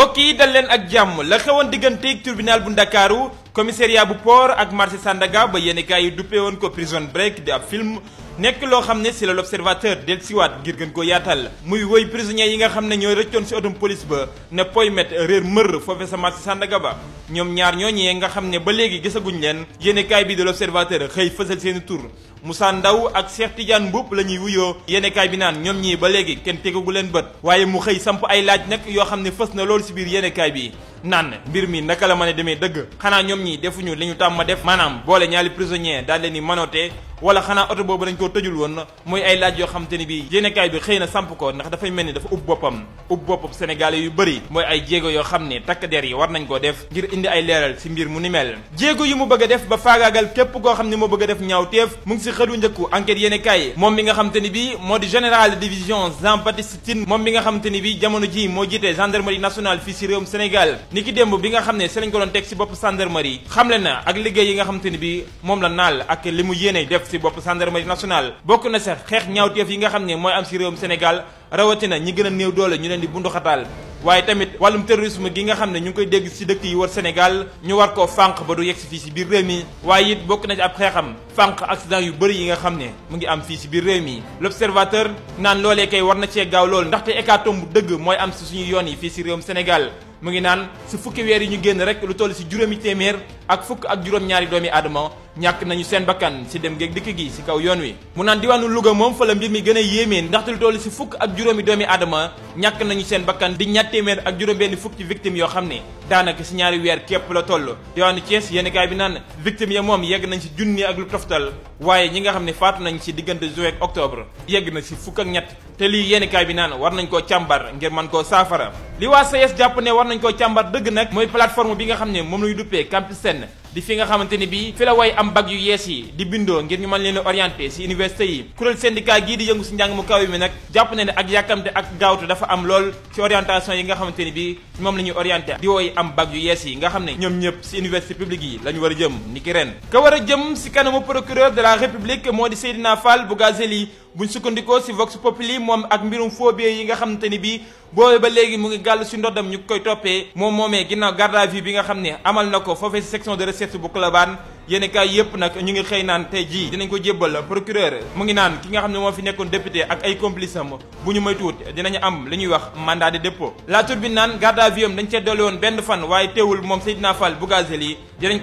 bokk yi dal leen ak jàmm la xewoon digganteeg tribunal bu ndakaaru commissariat bu port ak marché Sandaga ba yéenekaay yi duppee woon ko prison break di ab film nekk loo xam ne si la l'observateur del siwaat ngir gën ko yaatal muy woy prisonniers yi nga xam ne ñooy rëccoon si otom police ba ne poymet réer mër foofe sa marché Sandaga ba ñoom ñaar ñooñee nga xam ne ba léegi gisaguñ leen yéenekaay bi de l'observateur xëy fësal seeni tur Moussa Ndaw ak Cheikh Tidiane Mboup la ñuy wuyoo yenekaay bi naan ñoom ñii ba léegi kenn tegagu leen bët waaye mu xëy samp ay laaj nag yoo xam ne fës na loolu si biir yéenekaay bi naan mbir mi naka la mën a demee dëgg xanaa ñoom ñi defuñu li ñu tàmm ma def maanaam boole ñaari prisonnier daal leen di manote wala xanaa oto boobu dañ koo tëjul woon muy ay laaj yoo xam te ni bii yéenekaay bi xëy na samp ko ndax dafay mel ni dafa ub boppam ub boppam sénégalais yu bëri mooy ay jéego yoo xam ne takk der yi war nañ koo def ngir indi ay leeral ci mbir mu ni mel jéego yi mu bëgg a def ba faagaagal képp koo xam ne moo bëgg a def ñaaw teef mu ngi ci xëdu njëkku enquête yéenekaay moom mi nga xam te ni bii moo di général de division moom mi nga xam ni bii jamono ji moo jiite gendarmerie nationale fii ci réewum Sénégal ni ki démb bi nga xam ne si lañ ko doon teg si bopp gendarmerie xamle na ak liggéey yi nga xam te ni bi moom la naal ak li mu yéene def si bopp gendarmerie nationale bokk na sax xeex ñaawteef yi nga xam ne mooy am si réewum Sénégal rawatina ñi gën a néew doole ñu leen di bunduxataal waaye tamit wàllum terrorisme gi nga xam ne ñu ngi koy dégg si dëkk yi war Sénégal ñu war ko fànq ba du yegg si fii si biir réew mi waaye it bokk na ci ab xeexam fànq accident yu bëri yi nga xam ne mu ngi am fii si biir réew mi l'observateur naan loolee kay war na cee gaaw lool ndaxte hécatombe dëgg mooy am si suñu yoon yi fii si réewum Sénégal mu ngi naan si fukki weer yi ñu génn rek lu toll si juróomi téeméer ak fukk ak juróom-ñaari doomi aadama ñàkk nañu seen bakkan si dem géeg dikk gi si kaw yoon wi mu naan diwaanu Louga moom fa la mbir mi gën a yéemee ndaxte lu toll si fukk ak juróomi doomi aadama ñàkk nañu seen bakkan di ñatt téeméer ak juróom-benn fukk ci victime yoo xam ne daanaka si ñaari weer képp la toll diwaanu Thiès yéeni bi naan victime ya moom yegg nañ si junni ak lu toftal ñi nga xam ne faatu nañ si diggante juillet octobre yegg na si fukk ak ñett te lii yéeni kaay bi naan war nañ koo càmbar ngir man koo saafara li waa SAES e jàpp ne war nañ ko càmbar dëgg nag mooy plateforme bi nga xam ne moom la ñu duppee Campi Sène di fi nga xamante ni bii fi la way am bac yu yees yi di bindoo ngir ñu man leen a orienté si université yi kuréel syndicat gii di yëngu si njàng mu kaw mi nag jàpp na ne ak yàkkamte ak gaawtu dafa am lool ci orientation yi nga xamante ni bii moom la ñuy orienté di way am bac yu yees yi nga xam ne ñoom ñëpp si université publique yi la ñu war a jëm ni ki ren ka war a jëm si kanamu procureur de la république moo di Seydina Fall Bougazeli buñ sukkandikoo si Vox Populi moom ak mbirum phobie yi nga xamante ni bii boobe ba léegi mu ngi gàll si ndoddam ñu koy toppee moom moomee ginnaaw garde à xam ne na ko foofee si section de chef bu Colobane yéenekaay yëpp nag ñu ngi xëy naan tey jii dinañ ko jébbal procureur mu ngi naan ki nga xam ne moo fi nekkoon député ak ay complice am bu ñu moytuwut dinañu am li ñuy wax mandat de dépôt la bi naan garde à vue am dañ cee dolli woon benn fan waaye teewul moom Seydina Fall Bougazelli dinañ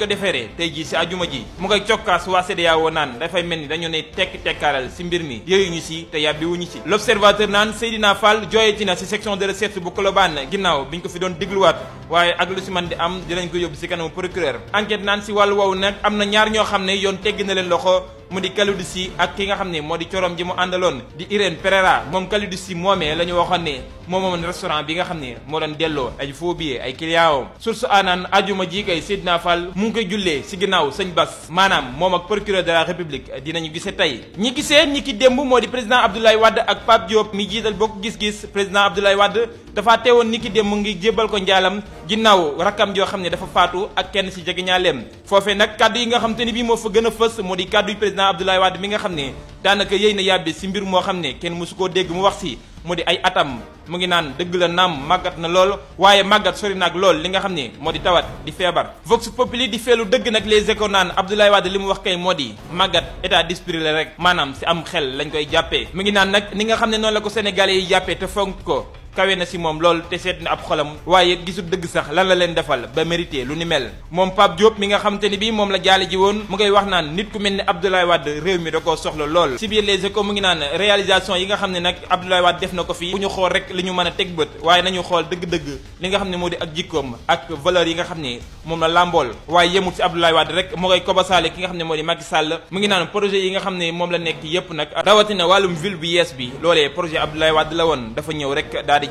tey ji si ajuma ji mu koy cokkaas waa CEDEAO naan dafay mel ni dañu ne tekk tekkaaral si mbir mi yooyu ñu si te yàbbi wuñu si l'observateur naan Seydina Fall jooyeti na si section de recherche bu Colobane ginnaaw bi ñu ko fi doon dégluwaat waaye ak si man di am dinañ ko naan si wàllu woowu nag am am na ñaar ñoo xam ne yoon teggi na leen loxo mu di Kalidou Sy ak ki nga xam ne moo di corom ji mu àndaloon di Irène Perera moom Kalidou Sy moomee la ñu waxoon ne moom moomoon restaurant bi nga xam ne moo doon delloo ay faux billets ay clientam source aanaan ajuma ji kay Seydina Fall mu ngi koy jullee si ginnaaw sëñ Bass maanaam moom ak procureur de la république dinañu gise tey ñi gisee ñi ki démb moo di président Abdoulaye Wade ak Pape Diop mi jiital bokk gis-gis président Abdoulaye Wade dafa teewoon ni ki démb mu ngi jébbal ko njaalam ginnaaw rakkam joo xam ne dafa faatu ak kenn si jegeñaaleem foofee nag kàddu yi nga xam te ni bii moo a fës moo di président Abdoulaye Wade mi nga xam ne daanaka yéy na yàbbi si mbir moo xam ne kenn mosu koo dégg mu wax si mu di ay atam mu ngi naan dëgg la naam màggat na lool waaye màggat sori naag lool li nga xam ne moo di tawat di feebar. Vox Populi di feelu dëgg nag les échos naan Abdoulaye Wade li mu wax kay moo di màggat état d'esprit la rek maanaam si am xel lañ koy jàppee mu ngi naan nag ni nga xam ne noonu la ko sénégalais yi jàppee te fonk ko kawe na si moom lool te seet na ab xolam waaye gisul dëgg sax lan la leen defal ba mérité lu ni mel moom Pape Diop mi nga xam ni bi moom la jaale ji woon mu ngay wax naan nit ku mel ni Abdoulaye Wade réew mi da koo soxla lool si biir Les Échos mu ngi naan réalisation yi nga xam ne nag Abdoulaye Wade def na ko fii bu ñu xool rek li ñu mën a teg bët waaye nañu xool dëgg-dëgg li nga xam ne moo di ak jikkoom ak valeur yi nga xam ne moom la làmbool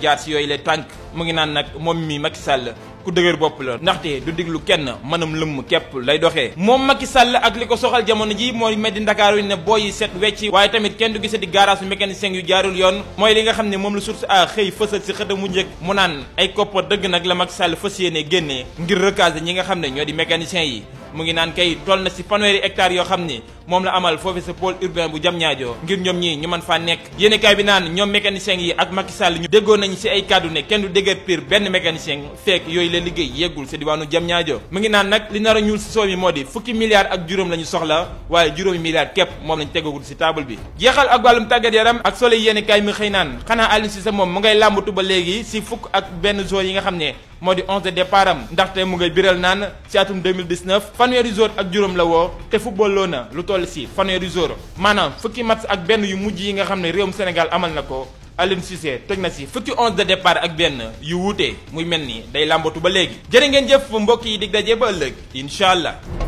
jaar si yooyu le tànk mu ngi naan nag moom mi Macky sàll ku dëgër bopp la ndaxte du diglu kenn mënam lëmm képp lay doxee moom Macky sàll ak li ko soxal jamono ji mooy meddi Ndakaaru ne booy yi set wecc waaye tamit kenn du gise di garage mécanicien yu jaarul yoon mooy li nga xam ne moom la source a xëy fësal si xët mu njëkk mu naan ay koppa dëgg nag la Macky Sall fas yéene génnee ngir recaser ñi nga xam ne ñoo di mécanicien yi mu ngi naan kay toll na si fanweeri hectares yoo xam ne moom la amal foofu sa pôle urbain bu Diamniadio ngir ñoom ñii ñu mën faa nekk yéenekaay bi naan ñoom mécaniciens yi ak Macky Sall ñu déggoo nañ ci ay kàddu ne kenn du dégg pire benn mécanicien fekk yooyu la liggéey yeggul ci diwaanu Diamniadio mu ngi naan nag li nar a ñuul ci soow mi moo di fukki milliards ak juróom la soxla waaye juróomi milliards képp moom lañ tegagul ci table bi jeexal ak wàllum tàggat yaram ak Soleil yéenekaay mi xëy naan xanaa Aliou Cissé moom mu ngay làmbatu ba léegi ci fukk ak benn joueur yi nga xam ne moo di onze de départ am ndaxte mu ngay biral naan ci atum 2019 fanweeri joueur ak toll si fanweeri jour maanaam fukki match ak benn yu mujj yi nga xam ne réewum Sénégal amal na ko Aliou Cissé teg na si fukki onze de départ ak benn yu wuute muy mel ni day làmbatu ba léegi jërë ngeen jëf mbokk yi dig daje ba ëllëg incha allah.